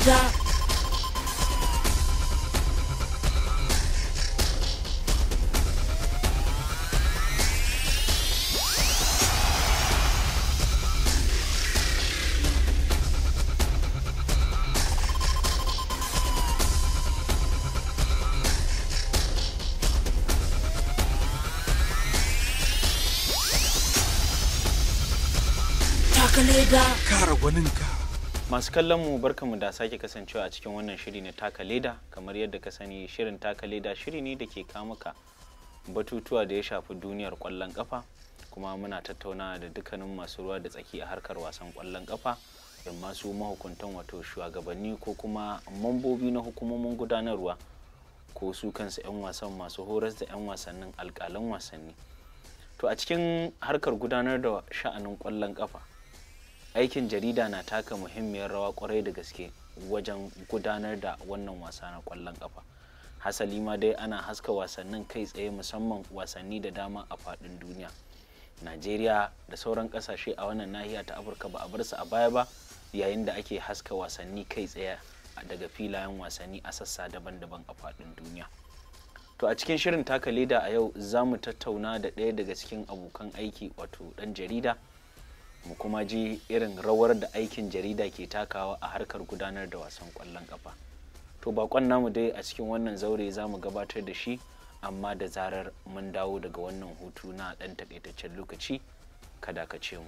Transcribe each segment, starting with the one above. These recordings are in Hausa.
시작 masu kallon mu barkamu da sake kasancewa a cikin wannan shiri na taka leda kamar yadda ka sani shirin taka leda shiri ne da ke kamuka batutuwa da ya shafi duniyar kwallon kafa kuma muna tattauna da dukkanin masu ruwa da tsaki a harkar wasan kwallon kafa da masu mahukuntan wato shugabanni ko kuma mambobi na hukumomin gudanarwa ko su kansu 'yan wasan masu horas da 'yan wasannin alkalan wasanni to a cikin harkar gudanar da sha'anin kwallon kafa aikin jarida na taka muhimmiyar rawa kwarai da gaske wajen gudanar da wannan wasa na kwallon kafa hasali ma dai ana haska wasannin kai tsaye musamman wasanni da dama a faɗin duniya najeriya da sauran ƙasashe a wannan nahiya ta afirka ba a bar su a baya ba yayin da ake haska wasanni kai tsaye daga filayen wasanni a sassa daban-daban a faɗin duniya to a cikin shirin taka leda a yau za mu tattauna da ɗaya daga cikin abokan aiki wato ɗan jarida mu kuma ji irin rawar da aikin jarida ke takawa a harkar gudanar da wasan kwallon kafa to bakon namu dai a cikin wannan zaure za mu gabatar da shi amma da zarar mun dawo daga wannan hutu na ɗan takaitaccen lokaci kada ka ce mu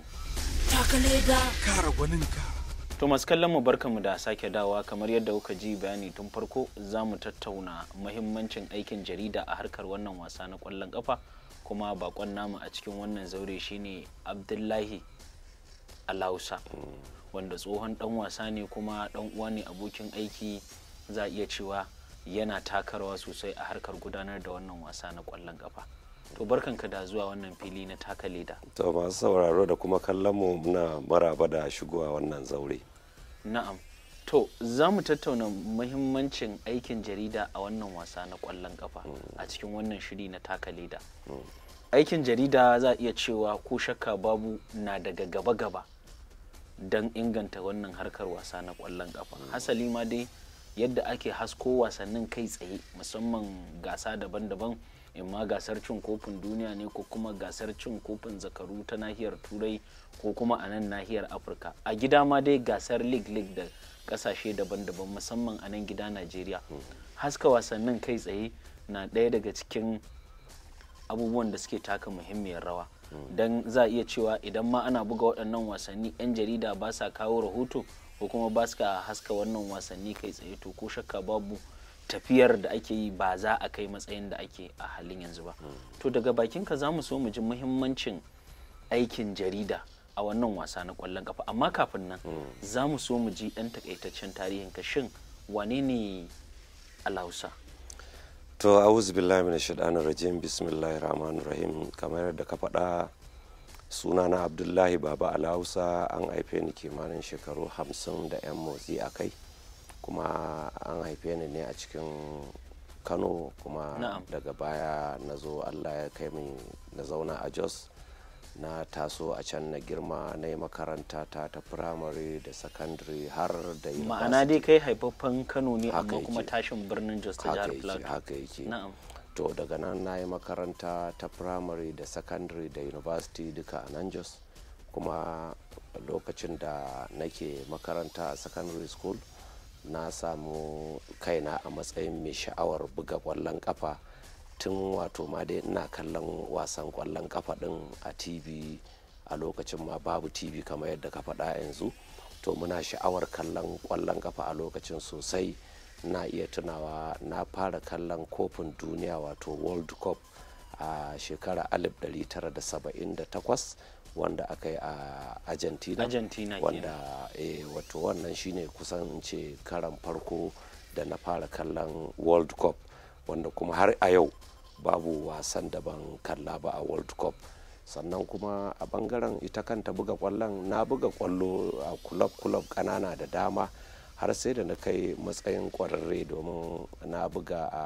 to masu kallon mu mu da sake dawa kamar yadda kuka ji bayani tun farko za mu tattauna mahimmancin aikin jarida a harkar wannan wasa na kwallon kafa kuma bakon namu a cikin wannan zaure shine abdullahi alausa wanda tsohon dan wasa ne kuma dan uwa ne abokin aiki za iya cewa yana takarwa sosai a harkar gudanar da wannan wasa na kwallon kafa to barkanka da zuwa wannan fili na taka leda to masu sauraro da kuma kallon mu muna maraba da shigowa wannan zaure na'am to za mu tattauna muhimmancin aikin jarida a wannan wasa na kwallon kafa a cikin wannan shiri na taka leda mm. aikin jarida za a iya cewa ko shakka babu na daga gaba-gaba don inganta wannan harkar wasa na kwallon kafa hasali ma dai yadda ake hasko wasannin kai tsaye musamman gasa daban-daban imma gasar cin kofin duniya ne ko kuma gasar cin kofin zakaru ta nahiyar turai ko kuma a nan nahiyar afirka a gida ma dai gasar lig-lig da kasashe daban-daban musamman a nan gida najeriya haska wasannin kai tsaye na ɗaya daga cikin abubuwan da suke taka muhimmiyar rawa don za a iya cewa idan ma ana buga waɗannan wasanni 'yan jarida ba sa kawo rahoto ko kuma ba su haska wannan wasanni kai tsaye to ko shakka babu tafiyar da ake yi ba za a kai matsayin da ake a halin yanzu ba to daga bakinka za mu so mu ji muhimmancin aikin jarida a wannan wasa na kwallon kafa amma kafin nan za mu so mu ji ɗan takaitaccen tarihin ka shin wane ne alhausa to a'udhu billahi minash shaitanir rajim bismillahi rahman rahim kamar da ka faɗa na abdullahi baba alhausa an haife ni kimanin shekaru hamsin da 'yan motsi a kai kuma an haife ni ne a cikin kano kuma daga baya na zo allah ya kai min na zauna a jos na taso a can na girma na yi makaranta ta ta firamare da secondary har da yi ma'ana dai kai haifaffen kano ne amma kuma tashin birnin jos ta jihar plateau haka yake ke to daga nan na yi makaranta ta firamare da secondary da university duka a nan jos kuma lokacin da nake makaranta a secondary school na samu kaina a matsayin mai sha'awar buga kwallon kafa tun wato ma dai ina kallon wasan kwallon kafa din a tv a lokacin ma babu tv kamar yadda ka faɗa yanzu to muna sha'awar kallon kwallon kafa a lokacin sosai na iya tunawa na fara kallon kofin duniya wato world cup a shekara 1978 wanda aka yi a argentina, argentina wanda e, wato wannan shine kusan ce karan farko da na fara kallon world cup wanda kuma har a yau babu wasan daban kalla ba a world cup sannan kuma a bangaren ita kanta buga kwallon na buga kwallo a club club kanana da dama har sai da na kai matsayin kwararre domin na buga a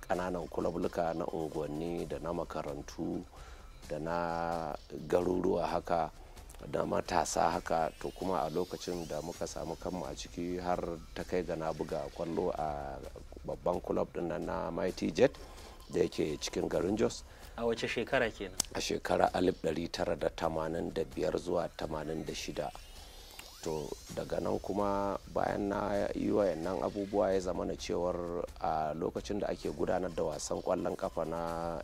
kananan kulabluka na unguwanni da na makarantu da na garuruwa haka da matasa haka to kuma a lokacin da muka samu kanmu a ciki har ta kai ga na buga kwallo a babban kulob din na mighty jet da yake cikin garin jos a wace shekara kenan a shekara 1985 zuwa 86 to daga nan kuma bayan na yi wayannan abubuwa ya zama na cewar a lokacin da ake gudanar da wasan kwallon kafa na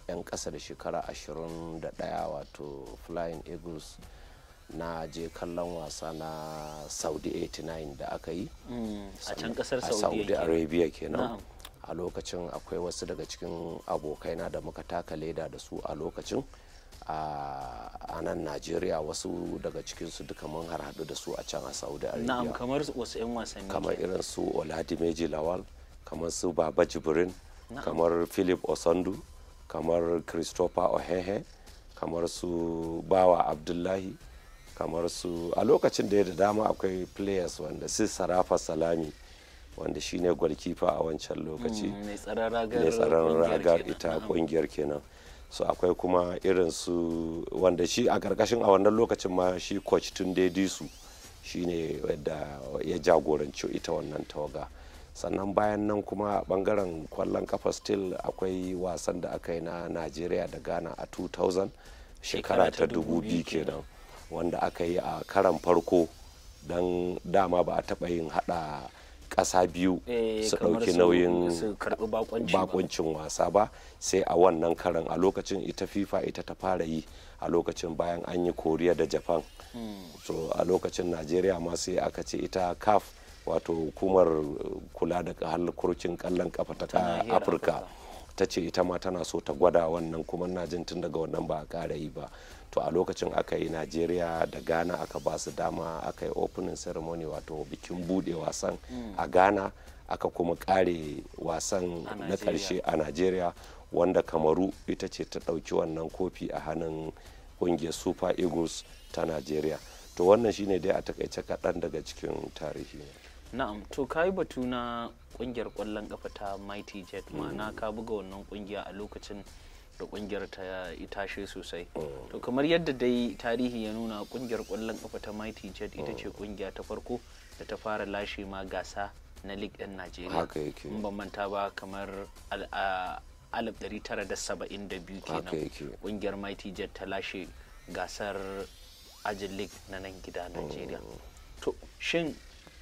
'yan kasa da shekara 21 wato flying eagles na je kallon wasa na saudi 89 da aka yi mm, a can kasar saudi arabia kenan a lokacin akwai wasu daga cikin abokaina da muka taka leda da su a lokacin a nan najeriya wasu daga cikinsu duka mun hadu da su a can a saudi arabia na'am kamar wasu 'yan wasanni kamar irin su Meji lawal kamar su baba jibrin kamar philip osondu kamar christopher ohehe kamar su bawa abdullahi kamar su a lokacin da ya da dama akwai players wanda su sarafa salami wanda shine gwarkifa a wancan lokaci mm, mai tsaron ragar ita kungiyar kenan so akwai kuma irin su wanda shi a karkashin a wannan lokacin ma shi coach tun disu ne da ya jagoranci ita wannan tawaga sannan bayan nan kuma a bangaren kwallon kafa still akwai wasan da aka yi na najeriya da ghana a 2000 shekara ta dubu biyu kenan wanda aka yi a karan farko don dama ba a taɓa yin hada kasa biyu eh, su ɗauki nauyin bakuncin wasa ba sai a wannan karan a lokacin ita fifa ita ta fara yi a lokacin bayan an yi koriya da japan hmm. so a lokacin najeriya ma sai aka ce ita caf wato hukumar kula da halkurkin kallon kafa ta afirka ta ce ita ma tana so ta gwada wannan kuma na jin tun daga wannan ba a ƙara yi ba to a lokacin aka yi najeriya da ghana aka ba su dama aka yi opening ceremony wato bikin bude wasan mm. a ghana aka kuma kare wasan na karshe a najeriya wanda kamaru ita ce ta dauki wannan kofi a hannun kungiyar super eagles ta najeriya to wannan shine dai a takaice kaɗan daga cikin tarihi na'am to ka yi batu na kungiyar kwallon kafa ta mighty jet ma'ana ka buga wannan kungiya a lokacin da kungiyar ta tashe sosai mm. to kamar yadda dai tarihi ya nuna kungiyar kwallon kafa ta mighty jet ita mm. ce kungiya ta farko da ta fara lashe ma gasa na league din najeriya in ban manta ba kamar 1972 kenan kungiyar mighty jet ta lashe gasar ajin league na nan gida najeriya mm. to shin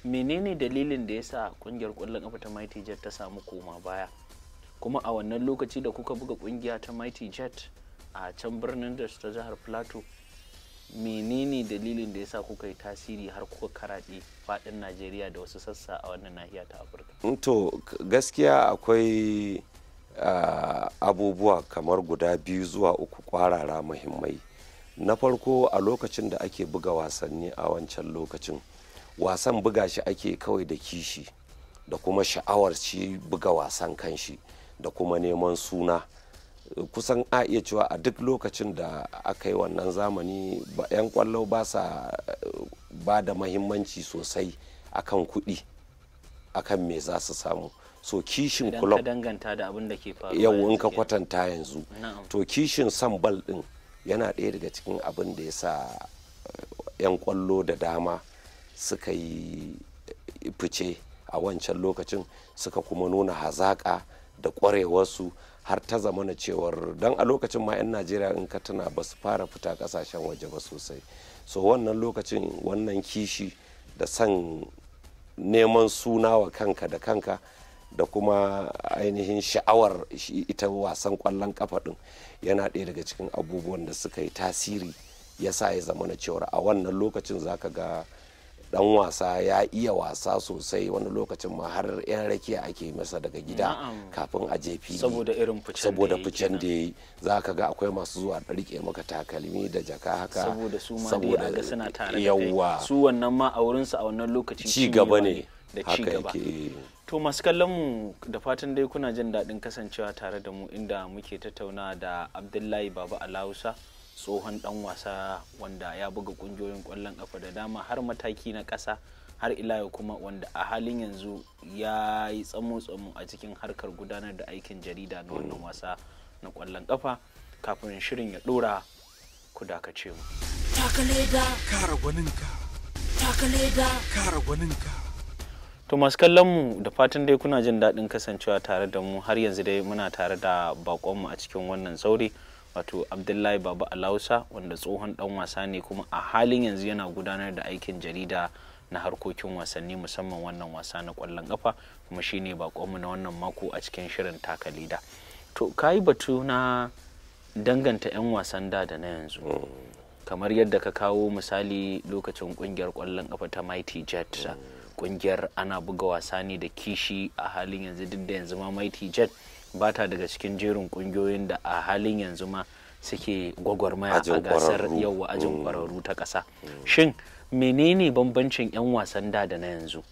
menene dalilin da ya sa kungiyar kwallon kafa ta mighty jet ta samu koma baya kuma a wannan lokaci da kuka buga kungiya ta mighty jet a can birnin da ta jihar plateau menene dalilin da ya sa kuka yi tasiri har kuka karaɗe faɗin najeriya da wasu sassa a wannan nahiya ta afirka mm, to gaskiya akwai abubuwa kamar guda biyu zuwa uku kwarara muhimmai na farko a lokacin da ake buga wasanni a wancan lokacin wasan buga shi ake kawai da kishi da kuma sha'awar shi buga wasan kanshi da kuma neman suna kusan a iya cewa a duk lokacin da aka yi wannan zamani 'yan kwallo ba sa eh, ba da mahimmanci sosai akan kuɗi akan me za su samu so kishin kulob danganta yau ka kwatanta yanzu to kishin san bal din yana ɗaya daga cikin abin da ya sa 'yan eh, kwallo da dama suka yi eh, fice a wancan lokacin suka kuma nuna hazaƙa da kwarewarsu har ta zamana cewar don a lokacin ma 'yan najeriya in ka tuna ba su fara fita kasashen waje ba sosai so wannan lokacin wannan kishi da san neman suna wa kanka da kanka da kuma ainihin sha'awar ita wasan kwallon kafa ɗin yana ɗaya daga cikin abubuwan da suka yi tasiri ya sa ya zamana cewar a wannan lokacin zaka ga dan wasa ya iya wasa sosai wani lokacin ma har yan rake ake masa daga gida kafin a jefi saboda irin ficen saboda ficen da yayi zaka ga akwai masu zuwa rike maka takalmi da jaka haka saboda su ma saboda ga suna tare kai su wannan ma a wurin su a wannan lokacin ci gaba ne da ci gaba to masu kallon mu da fatan dai kuna jin daɗin kasancewa tare da mu inda muke tattauna da Abdullahi Baba Alausa tsohon dan wasa wanda ya buga kungiyoyin kwallon kafa da dama har mataki na kasa har ila yau kuma wanda a halin yanzu ya yi tsamo-tsamo a cikin harkar gudanar da aikin jarida na wannan wasa na kwallon kafa kafin shirin ya dora ku dakace mu. To masu kallon mu da fatan dai kuna jin daɗin kasancewa tare da mu har yanzu dai muna tare da baƙonmu a cikin wannan sauri. wato abdullahi baba alausa wanda tsohon dan wasa ne kuma a halin yanzu yana gudanar da aikin jarida na harkokin wasanni musamman wannan wasa na kwallon kafa kuma shine mu na wannan mako a cikin shirin taka leda to kayi batu na danganta 'yan wasan da da na yanzu kamar yadda ka kawo misali lokacin kungiyar kwallon kafa ta mighty jet kungiyar ana buga wasa ne da kishi a halin yanzu duk da yanzu ma mighty jet bata daga cikin jerin kungiyoyin da a halin yanzu ma suke gwagwarmaya a gasar yau ajin kwararru mm. ta ƙasa mm. shin menene bambancin 'yan wasan da da na yanzu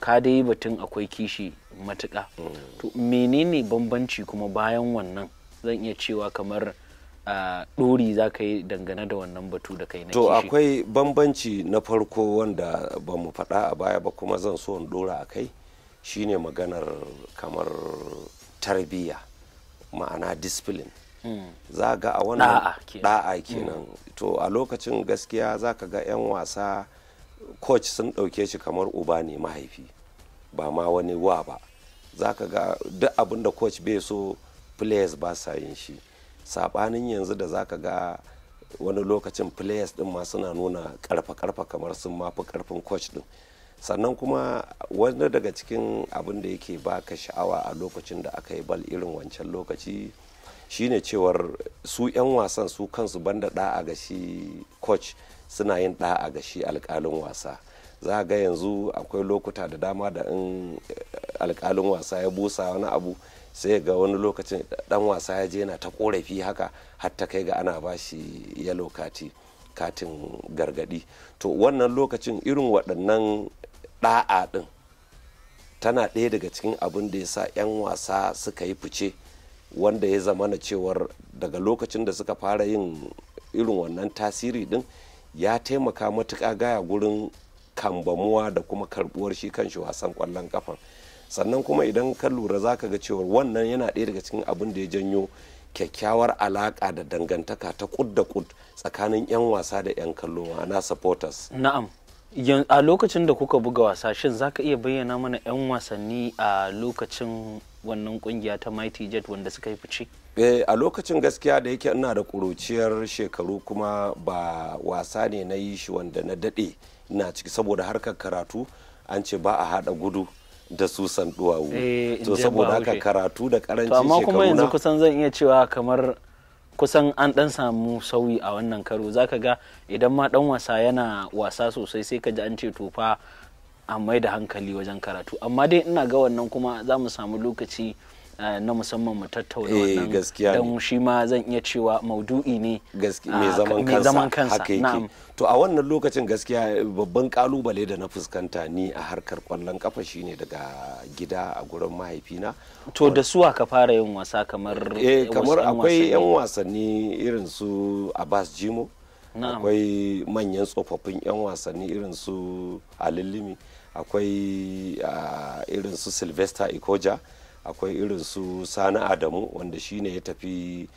ka dai batun akwai kishi matuka. Mm. to menene bambanci kuma bayan wannan zan iya cewa kamar ɗori za ka yi dangane da wannan batu da kai na to akwai bambanci na farko wanda ba mu faɗa a baya ba kuma zan so in ɗora a kai shine maganar kamar tarbiya ma'ana discipline hmm. za ga a wannan da'a kenan hmm. to a lokacin gaskiya za ka ga 'yan wasa coach sun ɗauke shi kamar uba ne mahaifi ba ma wani wa ba za ka ga duk abin da coach bai so players ba sa yin shi saɓanin yanzu da za ka ga wani lokacin players ɗin ma suna nuna karfa-karfa kamar sun mafi karfin coach ɗin sannan kuma wani daga cikin abin da yake baka sha'awa a lokacin da aka yi bal irin wancan lokaci shine cewar su 'yan wasan su kansu banda da a gashi coach suna yin da a gashi alkalin wasa za ga yanzu akwai lokuta da dama da in eh, alkalin wasa ya busa wani abu sai ga wani lokacin dan wasa ya je yana ta korafi haka hatta kai ga ana ba shi yalo kati katin gargadi to wannan lokacin irin waɗannan ɗa'a ɗin tana ɗaya daga cikin abin da ya sa 'yan wasa suka yi fice wanda ya zama na cewar daga lokacin da suka fara yin irin wannan tasiri ɗin ya taimaka matuka gaya gurin kambamuwa da kuma karbuwar shi kan shi wasan kwallon kafan sannan kuma idan ka lura za ka ga cewar wannan yana ɗaya daga cikin abin da ya janyo kyakkyawar alaƙa da dangantaka ta kud da kud tsakanin 'yan wasa da 'yan kallo na supporters na'am a lokacin da kuka buga wasa shin ka iya bayyana mana 'yan wasanni a lokacin wannan kungiya ta mighty jet wanda suka yi fice eh, a lokacin gaskiya da yake ina da kuruciyar shekaru kuma ba wasa ne na yi shi wanda na daɗe ina ciki saboda harkar karatu an ce ba a haɗa gudu da susan duwawu eh, to saboda haka karatu da karanci shekaru amma kuma yanzu kusan zan iya cewa kamar kusan an dan samu sauyi a wannan karo zaka ga idan ma dan wasa yana wasa sosai sai ka ji an ce tofa a mai da hankali wajen karatu amma dai ina ga wannan kuma za mu samu lokaci eh, na musamman mu tattauna eh, wannan don shi ma zan iya cewa maudu'i ne ah, mai zaman kansa to a wannan lokacin gaskiya eh, babban kalubale da na fuskanta ni a harkar kwallon kafa shine daga gida a gurin mahaifina to da suwa ka fara yin wasa kamar eh kamar akwai yan wasanni irin su Abbas Jimo akwai manyan tsofaffin yan wasanni irin su Alilimi akwai ah, irin su Sylvester Ikoja akwai irin su Sani Adamu wanda shine ya tafi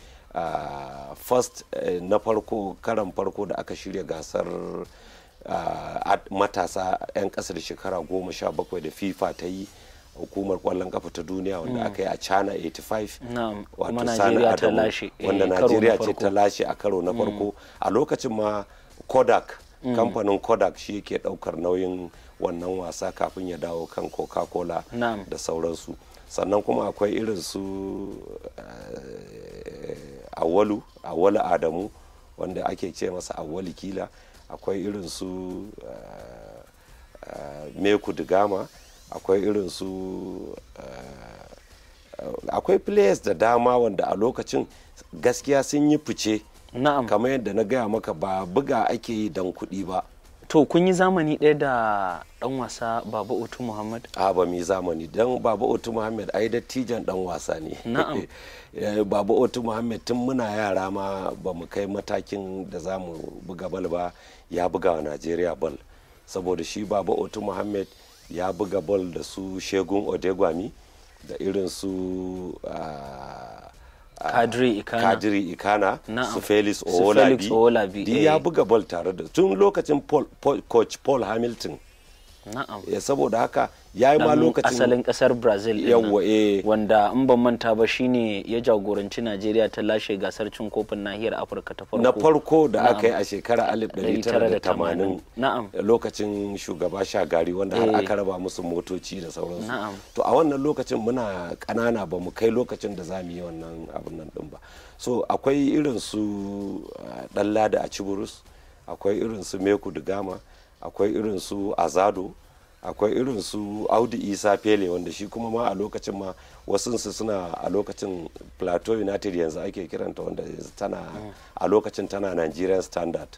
first eh, na farko karan farko da aka shirya gasar matasa 'yan kasar shekara goma sha bakwai da fifa ta yi hukumar kwallon kafa ta duniya wanda mm. aka yi a china 85 wato sani eh, wanda najeriya ce ta lashe a karo na mm. farko a lokacin ma kodak mm. kamfanin kodak shi yake daukar nauyin wannan wasa kafin ya dawo kan coca-cola da sauransu sannan kuma akwai irin su eh, awalu awalu adamu wanda ake ce masa awali kila akwai irin su eh, eh, meku digama akwai irin su eh, akwai players da dama wanda a lokacin gaskiya sun yi fice kamar yadda na gaya maka ba buga ake yi don kuɗi ba to kun yi zamani ɗaya da ɗan wasa baba otu muhammad a ba yi zamani don baba otu muhammad ai dattijan ɗan wasa ne na'am eh, baba otu muhammad tun muna yara ma ba mu kai matakin da za mu buga bal ba ya buga wa najeriya bal saboda shi baba otu muhammad ya buga bal da su shegun odegwami da irin su ah, kadiri ikana Kadri ikana su felix owolabi ya eh. buga ball tare da tun lokacin coach paul hamilton ya saboda haka ya yi ma lokacin asalin kasar brazil yawwa eh wanda in ban manta ba shine ya jagoranci najeriya ta lashe gasar cin kofin nahiyar afirka ta farko na farko da aka yi a shekara 1980 na'am lokacin shugaba shagari wanda har aka eh. raba musu motoci da sauransu na'am to a wannan lokacin muna kanana ba mu kai lokacin da za mu yi wannan abin nan din ba so akwai irin su dan ah, lada a ciburus akwai irin su meku da gama akwai irin su azado akwai irin su audi isa fele wanda shi kuma ma a lokacin ma wasunsu suna a lokacin plateau united yanzu ake kiranta wanda tana a lokacin tana nigeria standard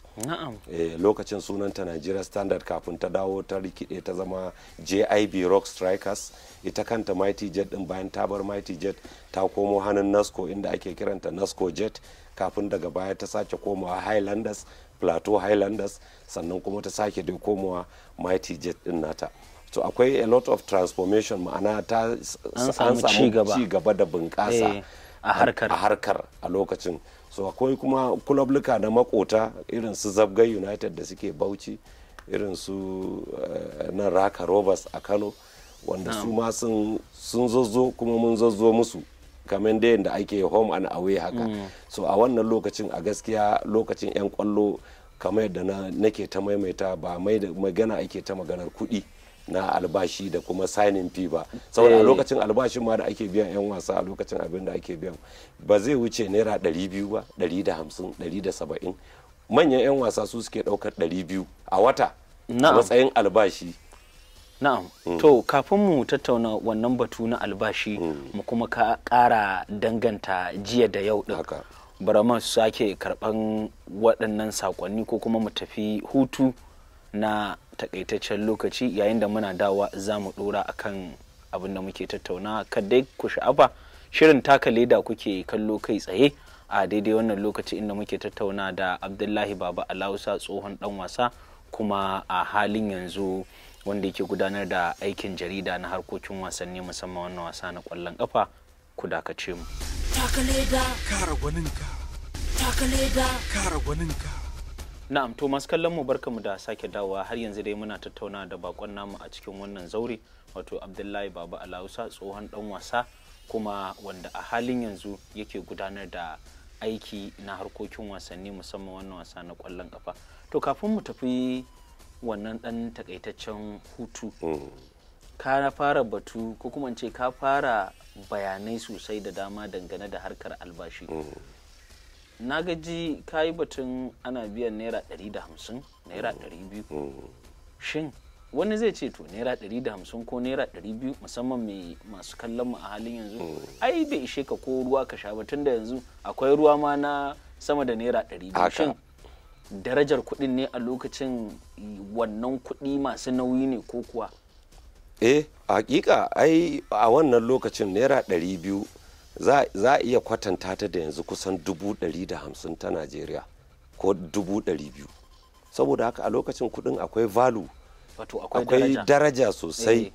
eh, lokacin sunanta nigeria standard kafin ta dawo ta rikide ta zama jib rock strikers ita kanta mighty jet din bayan ta bar mighty jet ta komo hannun nasco inda ake kiranta nasco jet kafin daga baya ta sake komawa highlanders plateau highlanders sannan kuma ta sake dai komawa mighty jet din nata so akwai a lot of transformation ma'ana ta an samu ci gaba da bunƙasa eh, a harkar a lokacin so akwai kuma kulabluka na makota irin su zabgai united da suke bauchi irin su eh, nan raka rovers a kano wanda su ma sun zozo kuma mun zozo musu kamar da ake home and away haka mm. so a wannan lokacin a gaskiya lokacin 'yan kwallo kamar yadda nake ta maimaita ba mai da magana ake ta maganar kuɗi na albashi da kuma signing fee ba saboda a eh. lokacin albashin ma da ake biyan 'yan wasa a lokacin abin da ake biyan ba zai wuce naira 200 ba 150 170 manyan 'yan wasa su suke ɗaukar 200 a wata matsayin albashi na'am mm. to kafin mu tattauna wannan batu na albashi mm. mu kuma ka kara danganta jiya da yau din barama su sake karban waɗannan sakonni ko kuma mu tafi hutu na takaitaccen lokaci yayin da muna dawa za mu ɗora kan abin da muke tattauna kadai ku sha'afa shirin taka leda kuke kallo kai tsaye a daidai wannan lokaci inda muke tattauna da abdullahi baba alausa tsohon dan wasa kuma a halin yanzu wanda yake gudanar da aikin jarida na harkokin wasanni musamman wannan wasa na kwallon kafa ku dakace mu na'am to masu kallon mu barkamu da sake dawowa har yanzu dai muna tattauna da bakon namu a cikin wannan zaure wato abdullahi baba alausa tsohon dan wasa kuma wanda a halin yanzu yake gudanar da aiki na harkokin wasanni musamman wannan wasa na kwallon kafa to kafin mu tafi wannan dan takaitaccen hutu mm. ka fara batu ko kuma ce ka fara bayanai sosai da dama dangane da harkar albashi mm. na gaji ka yi batun ana biyan naira 150 naira 200 mm. mm. shin wani zai ce to naira 150 ko naira 200 musamman mai masu kallon mu a halin yanzu ai bai ishe ka ko ruwa ka sha batun da yanzu akwai ruwa ma na sama da naira 200 shin darajar kuɗin ne a lokacin wannan kuɗi masu nauyi ne ko kuwa eh hakika ai a wannan lokacin naira ɗari biyu za a iya kwatanta ta da yanzu kusan dubu ɗari da hamsin ta najeriya ko dubu ɗari biyu saboda haka a lokacin kuɗin akwai valu akwai daraja sosai eh.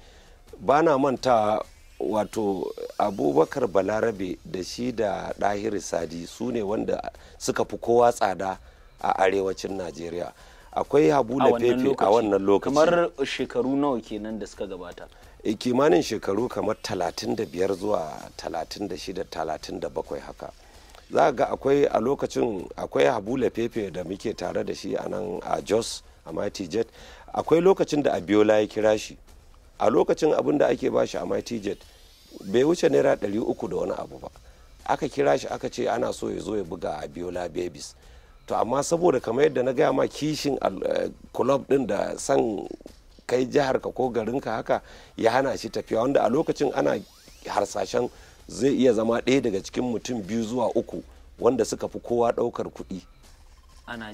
ba na manta wato abubakar balarabe da shi da ɗahiri sadi su ne wanda suka fi kowa tsada a arewacin najeriya akwai habu fefe a wannan lokaci kamar shekaru nawa kenan da suka gabata eh, kimanin shekaru kamar 35 zuwa 36 37 haka za ga akwai a lokacin akwai habu fefe da muke tare da shi a nan a jos a mighty jet akwai lokacin da abiola ya kira shi a lokacin abin da ake bashi a mighty jet bai wuce naira 300 da wani abu ba aka kira shi aka ce ana so ya zo ya buga abiola babies to amma saboda kamar yadda na gaya ma kishin eh, club din da san kai jihar ka ko garin ka haka ya hana shi tafiya wanda a lokacin ana harsashen zai iya zama ɗaya daga cikin mutum biyu zuwa uku wanda suka fi kowa ɗaukar kuɗi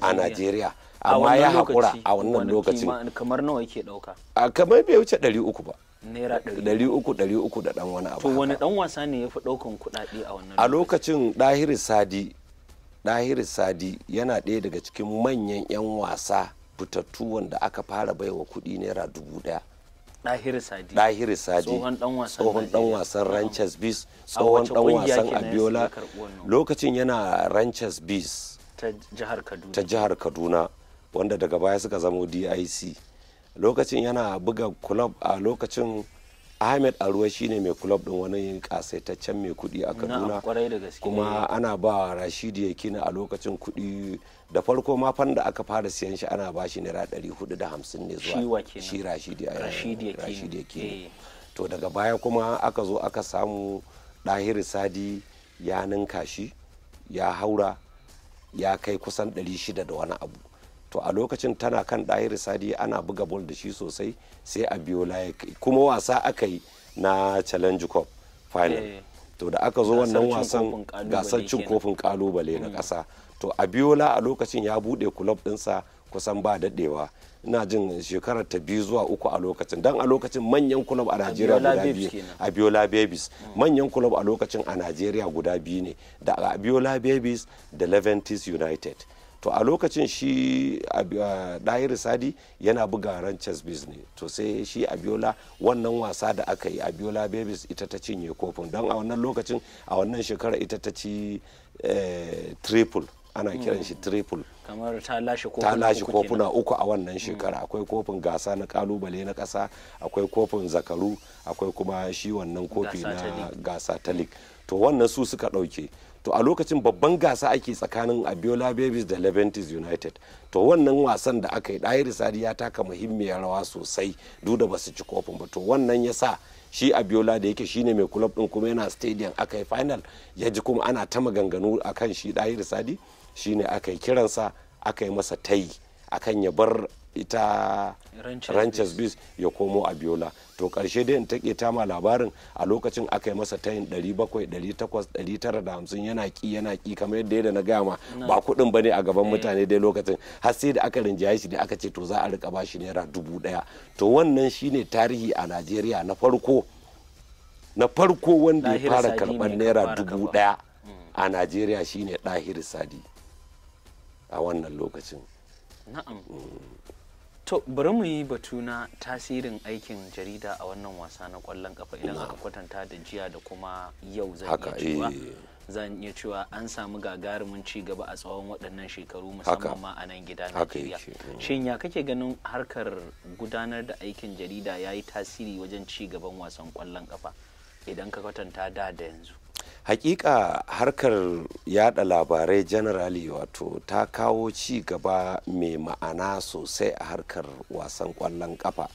a najeriya amma ya haƙura a wannan lokacin kamar nawa yake ɗauka kamar bai wuce ɗari uku ba naira ɗari uku ɗari uku da ɗan wani abu to wani ɗan wasa ne ya fi ɗaukan kuɗaɗe a wannan a lokacin ɗahir sadi ɗahir sadi yana ɗaya daga cikin manyan 'yan wasa fitattu wanda aka fara baiwa kuɗi naira dubu ɗaya ɗahir sadi tsohon ɗan wasan ranches bees tsohon ɗan wasan abiola lokacin yana ranches bees ta jihar kaduna wanda daga baya suka zamo dic lokacin yana buga club a lokacin ahmed alwa shine mai club din wani kasaitaccen mai kudi a kaduna kuma ana ba rashidi ya kina a lokacin kudi da farko ma fan da aka fara siyan shi ana ba shi naira 450 ne zuwa shi rashidi eh, ya kina eh. to daga baya kuma aka zo aka samu ɗahiri sadi ya ninka shi ya haura ya kai kusan 600 da wani abu to a lokacin tana kan ɗahir sadi ana buga bol da shi sosai sai a biyo laye kuma wasa aka yi na challenge cup final eh. to da aka zo wannan wasan gasar cin kofin kalubale na mm. ƙasa to abiola a lokacin ya buɗe kulob ɗinsa kusan ba daɗewa ina jin shekarar ta biyu zuwa uku a lokacin dan a lokacin manyan kulob a najeriya guda biyu abiola babies mm. manyan kulob a lokacin a najeriya guda biyu ne da abiola babies da leventis united to a lokacin shi ɗayar sadi yana buga ran chess business to sai shi a abiola wannan wasa da aka yi abiola babies ita ta cinye kofin don a wannan lokacin a wannan shekara ita ta ci eh, triple ana hmm. kiran shi triple kamar ta lashe kofuna uku a wannan shekara hmm. akwai kofin gasa na kalubale na kasa akwai kofin zakaru akwai kuma shi wannan kofi na gasa ta to wannan su suka dauke. to a lokacin babban gasa ake tsakanin abiola babies da leventis united to wannan wasan da aka yi ɗahir sadi ya taka muhimmiyar rawa sosai duk da basu ci kofin ba to wannan ya sa shi abiola da yake shine mai kulob din kuma yana stadium aka yi final ya ji kuma ana ta maganganu a kan shi ɗahir sadi shine aka yi kiransa aka yi masa tayi akan ya bar ita ranches bis ya komo a biola to karshe dai in take ta ma labarin a lokacin aka yi masa tayin 700 850 yana ki yana ki kamar yadda da na gaya ma ba kuɗin bane a gaban eh. mutane dai lokacin har sai da aka rinjaye shi da aka ce to za a rika bashi naira dubu ɗaya to wannan shine tarihi a najeriya na farko na farko wanda ya fara karban naira dubu ɗaya mm. a najeriya shine dahir sadi a wannan lokacin na'am mm. to bari mu yi batu na tasirin aikin jarida a wannan wasa na kwallon kafa idan aka kwatanta da jiya da kuma yau eh. zan iya cewa an samu gagarumin ci gaba a tsawon waɗannan shekaru musamman ma a nan gida Najeriya eh. shin ya kake ganin harkar gudanar da aikin jarida ya yi tasiri wajen ci gaban wasan kwallon kafa idan ka kwatanta da yanzu hakika harkar yada labarai generally wato ta kawo ci gaba mai ma'ana sosai a harkar wasan kwallon kafa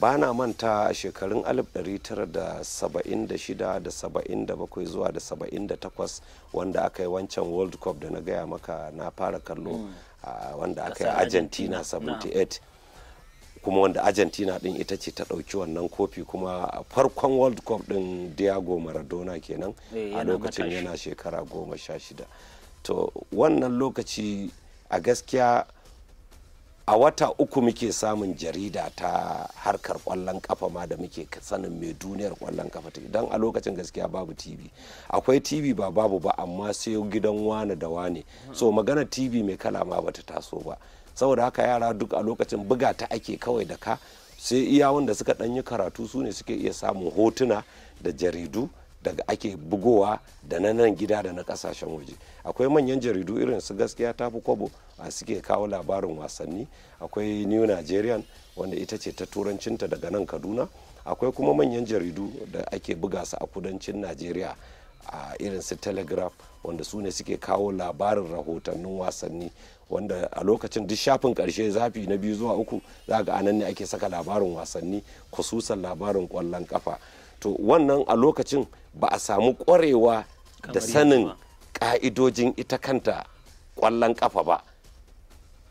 ba na manta shekarun 1976 da 77 zuwa da 78 wanda aka yi wancan world cup da na gaya maka na fara kallo mm. wanda aka yi argentina 78 kuma wanda argentina din ita ce ta ɗauki wannan kofi kuma a farkon world cup din diego maradona kenan eh, a lokacin yana shekara goma sha shida to wannan lokaci a gaskiya a wata uku muke samun jarida ta harkar kwallon kafa ma da muke sanin mai duniyar kwallon kafa ta idan a lokacin gaskiya babu tv akwai tv ba babu ba amma sai gidan wane da wane so magana tv mai kala ma bata taso ba saboda haka yara duk a lokacin buga ta ake kawai da ka sai iya wanda suka ɗan yi karatu su ne suke iya samun hotuna da jaridu daga ake bugowa da na nan gida da na kasashen waje akwai manyan jaridu irin su gaskiya ta fi kwabo a suke kawo labarin wasanni akwai new nigerian wanda ita ce ta turancinta daga nan kaduna akwai kuma manyan jaridu da ake buga su a kudancin nigeria. a irin su telegraph wanda su ne suke kawo labarin rahotannin wasanni wanda a lokacin duk shafin karshe zafi na biyu zuwa uku za ga anan ne ake saka labarin wasanni kususan labarin kwallon kafa to wannan a lokacin ba a samu kwarewa da sanin ka'idojin ita kanta kwallon kafa ba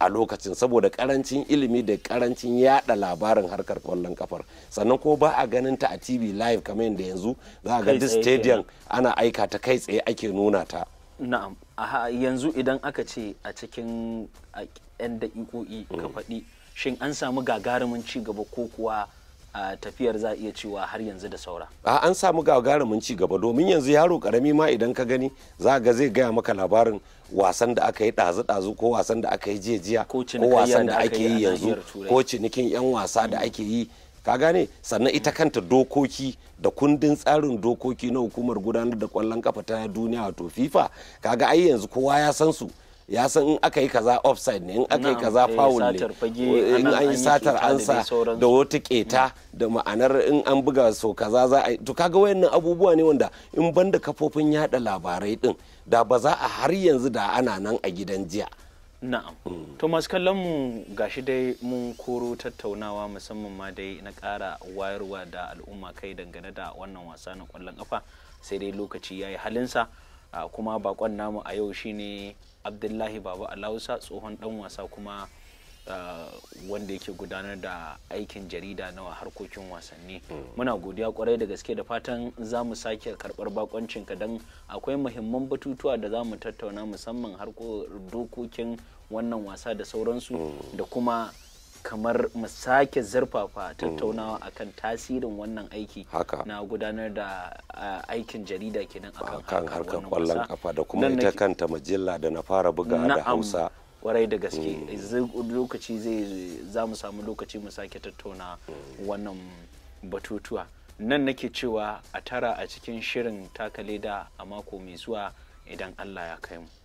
a lokacin saboda karancin ilimi da karancin yada labarin harkar kwallon kafar sannan ko ba a ganin ta a tv live kamar yadda yanzu za a ga stadium ana aika ta kai tsaye ake nuna ta na'am yanzu idan aka ce a cikin 'yan daƙiƙo'i ka mm. faɗi shin an samu gagarumin ci gaba ko kuwa a tafiyar za iya cewa har yanzu da saura a an samu gagarumin ci gaba domin yanzu yaro karami ma idan ka gani za ga zai gaya maka labarin wasan da aka yi ɗazu-ɗazu ko wasan da aka yi jiya ko wasan da ake yi yanzu ko cinikin 'yan wasa da ake yi ka gane sannan ita kanta dokoki da kundin tsarin dokoki na hukumar gudanar da kwallon kafa ta duniya wato fifa kaga ai yanzu kowa ya san su ya san in aka yi kaza offside ne in aka yi kaza eh, foul ne eh, in an yi satar ansa da wata keta mm. da ma'anar in an buga so kaza za a to kaga wayannan abubuwa ne wanda in banda kafofin yada labarai din da ba za a har yanzu da ana nan a gidan jiya na'am mm. to masu kallon mu gashi dai mun koro tattaunawa musamman ma dai na kara wayarwa da al'umma kai dangane da wannan wasa na kwallon kafa sai dai lokaci yayi halinsa kuma bakon namu a yau shine abdullahi baba alausa tsohon dan wasa kuma uh, wanda yake gudanar da aikin jarida na harkokin wasanni hmm. muna godiya kwarai da gaske da fatan za mu sake karbar bakoncinka don akwai muhimman batutuwa da za mu tattauna musamman harkokin dokokin wannan wasa da sauransu hmm. da kuma kamar mu sake zurfafa mm. tattaunawa akan tasirin wannan aiki haka na gudanar da aikin jarida kenan akan harkar kwallon kafa da kuma ita kanta mujalla da na fara buga da Hausa warai da gaske mm. lokaci zai za mu samu lokaci mu sake tattauna mm. wannan batutuwa nan nake cewa a tara a cikin shirin takale da a mako mai zuwa idan Allah ya kai mu